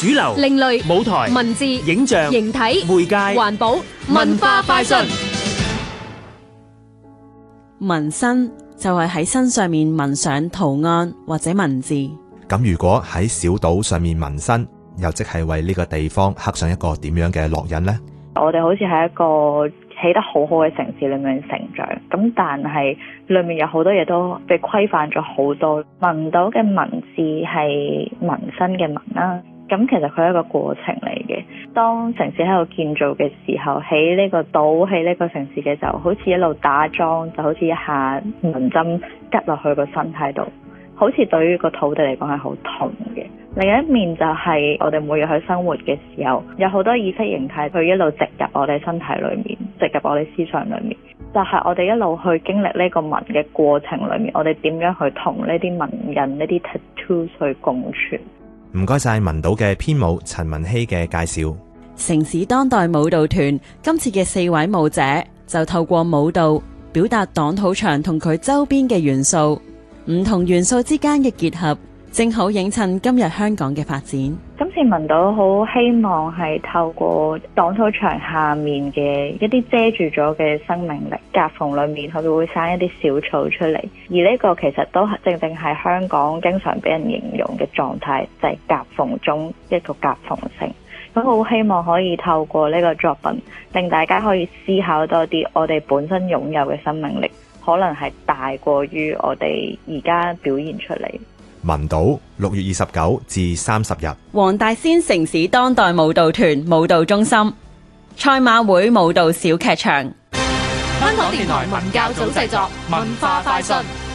主流、另類舞台、文字、影像、形體、媒介、環保、文化快訊。紋身就係喺身上面紋上圖案或者文字。咁如果喺小島上面紋身，又即係為呢個地方刻上一個點樣嘅烙印呢？我哋好似喺一個起得好好嘅城市裏面成長，咁但係裏面有好多嘢都被規範咗好多。紋到嘅文字係紋身嘅紋啦。咁其實佢係一個過程嚟嘅。當城市喺度建造嘅時候，喺呢個島，喺呢個城市嘅時候，好似一路打樁，就好似一下銀針拮落去個身體度，好似對於個土地嚟講係好痛嘅。另一面就係、是、我哋每日去生活嘅時候，有好多意識形態佢一路植入我哋身體裏面，植入我哋思想裏面。就係、是、我哋一路去經歷呢個文嘅過程裏面，我哋點樣去同呢啲文人、呢啲 tattoo 去共存？唔該晒文島嘅編舞陳文希嘅介紹，城市當代舞蹈團今次嘅四位舞者就透過舞蹈表達擋土牆同佢周邊嘅元素，唔同元素之間嘅結合。正好映襯今日香港嘅發展。今次聞到好希望係透過擋土牆下面嘅一啲遮住咗嘅生命力夾縫裏面，佢會生一啲小草出嚟。而呢個其實都正正係香港經常俾人形容嘅狀態，就係夾縫中一個夾縫性。佢好希望可以透過呢個作品，令大家可以思考多啲，我哋本身擁有嘅生命力，可能係大過於我哋而家表現出嚟。文島六月二十九至三十日，黃大仙城市當代舞蹈團舞蹈中心賽馬會舞蹈小劇場。香港電台文教組製作，文化快訊。